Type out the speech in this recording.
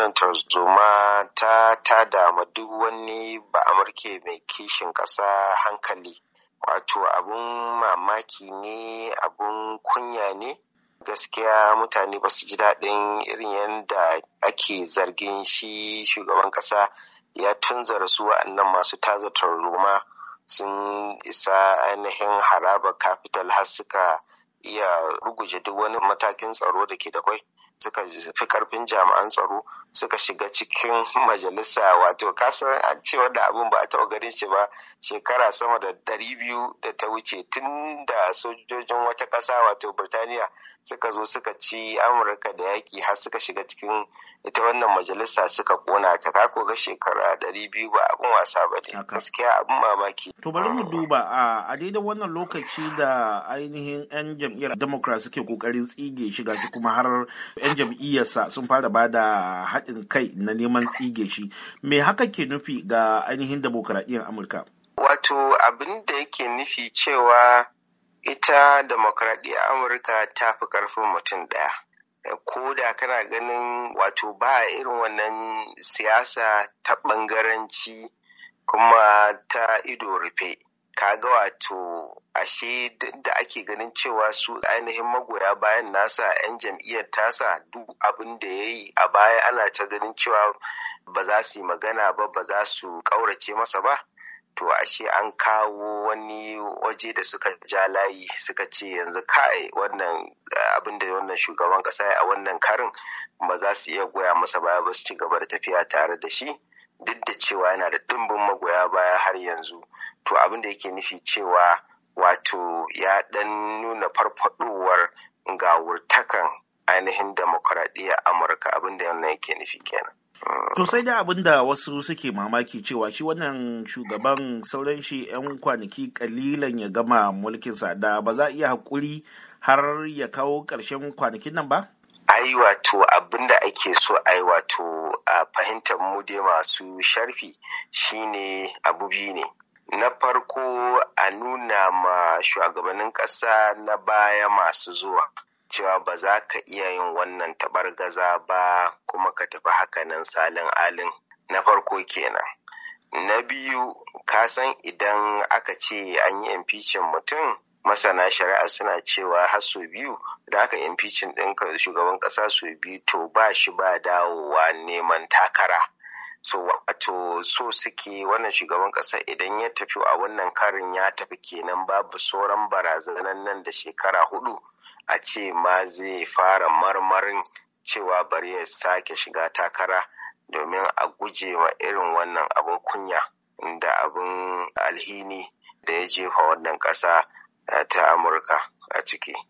wannan tarzoma ta ta dama duk wani ba amurke mai kishin ƙasa hankali wato abun mamaki ne abun kunya ne gaskiya mutane ba su ji daɗin irin yadda ake zargin shi shugaban ƙasa ya tunzara su wa'annan masu taza tarzoma sun isa ainihin haraba kafital har suka iya ruguje duk wani matakin tsaro da ke da kwai suka fi karfin jami'an tsaro suka shiga cikin majalisa wato kasa an cewa da abin ba a taɓa ganin shi ba shekara sama da ɗari biyu da ta wuce tun da sojojin wata ƙasa wato birtaniya suka zo suka ci amurka da yaƙi har suka shiga cikin ita wannan majalisa suka kona ta kako ga shekara ɗari biyu ba abin wasa ba ne gaskiya abin mamaki. to bari mu duba a daidai wannan lokaci da ainihin 'yan jam'iyyar democrat suke kokarin tsige shiga shi kuma har 'yan jam'iyyarsa sun fara bada da haɗin kai na neman tsige shi me haka ke nufi ga ainihin demokaradiyyar amurka wato abin da yake nufi cewa ita demokaradiyyar amurka ta fi ƙarfin mutum ɗaya ko da kana ganin wato ba irin wannan siyasa ta ɓangaranci kuma ta ido rufe kaga wato ashe duk da ake ganin cewa su ainihin magoya bayan nasa 'yan jam'iyyar tasa duk abin da ya yi a baya ana ta ganin cewa ba za su yi magana ba ba za su ƙaurace masa ba to ashe an kawo wani waje da suka ja layi suka ce yanzu kai wannan abin da wannan shugaban ƙasa a wannan karin ba za su iya goya masa baya ba su ci gaba da tafiya tare da shi duk da cewa yana da ɗimbin magoya baya har yanzu to abin da yake nufi cewa wato ya dan nuna farfadowar gawurtakan ainihin demokuraɗiyyar amurka abin da wannan yake nufi kenan mm. To sai da abin da wasu suke mamaki cewa shi wannan shugaban sauran shi 'yan kwanaki kalilan ya gama mulkinsa da ba za a iya haƙuri har ya kawo ƙarshen kwanakin nan ba? Ai wato abin da ake so ai wato a fahimtar mu dai masu sharfi shine abu biyu ne. na farko a nuna ma shugabannin ƙasa na baya masu zuwa cewa ba za ka iya yin wannan gaza ba kuma ka tafi hakanan salin alin na farko kenan na biyu ka san idan aka ce an yi impeachment mutum masana shari'a suna cewa har sau biyu da aka impeachment ɗin shugaban ƙasa sau biyu to ba shi ba dawowa neman takara so wato so suke wannan shugaban kasa idan ya tafi a wannan karin ya tafi kenan babu sauran barazanan nan da shekara hudu a ce ma zai fara marmarin cewa bari ya sake shiga takara domin a guje wa irin wannan abin kunya da abin alhini da ya jefa wannan kasa eh, ta amurka a ciki